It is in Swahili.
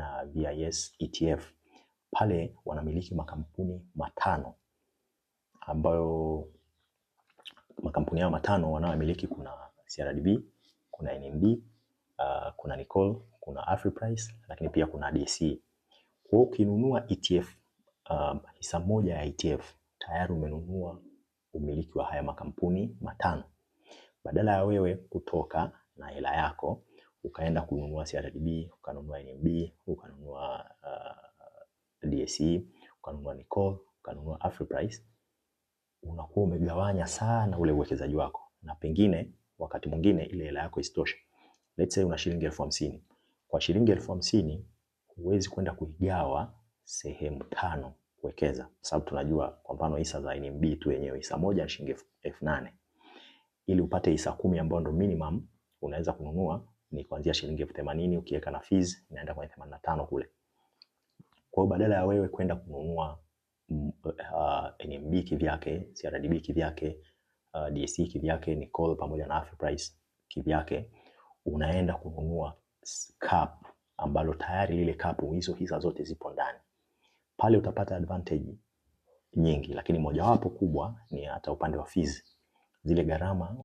na VIS ETF pale wanamiliki makampuni matano ambayo makampuni hayo matano wanayomiliki kuna CRDB, kuna NMB, uh, ah, kuna Nicol, kuna Afriprice lakini pia kuna DC. Kwa hiyo ukinunua ETF um, hisa moja ya ETF tayari umenunua umiliki wa haya makampuni matano, badala ya wewe kutoka na hela yako ukaenda kununua CRDB, ukanunua NMB, ukanunua uh, DSE, ukanunua Nicol, ukanunua Afriprice, unakuwa umegawanya sana ule uwekezaji wako, na pengine wakati mwingine ile hela yako isitoshe. Let's say una shilingi elfu hamsini. Kwa shilingi elfu hamsini huwezi kwenda kuigawa sehemu tano kuwekeza, sababu tunajua kwa mfano hisa za NMB tu yenyewe hisa moja shilingi elfu nane ili upate hisa kumi ambayo ndo minimum unaweza kununua ni kuanzia shilingi elfu themanini ukiweka na fees inaenda kwenye themanini na tano kule. Kwa hiyo badala ya wewe kwenda kununua uh, mm, eh, eh, NMB kivyake, CRDB kivyake, uh, eh, DSE kivyake, Nicole pamoja na Afriprice kivyake, unaenda kununua cap ambalo tayari lile cap hizo hisa zote zipo ndani. Pale utapata advantage nyingi, lakini mojawapo kubwa ni hata upande wa fees, zile gharama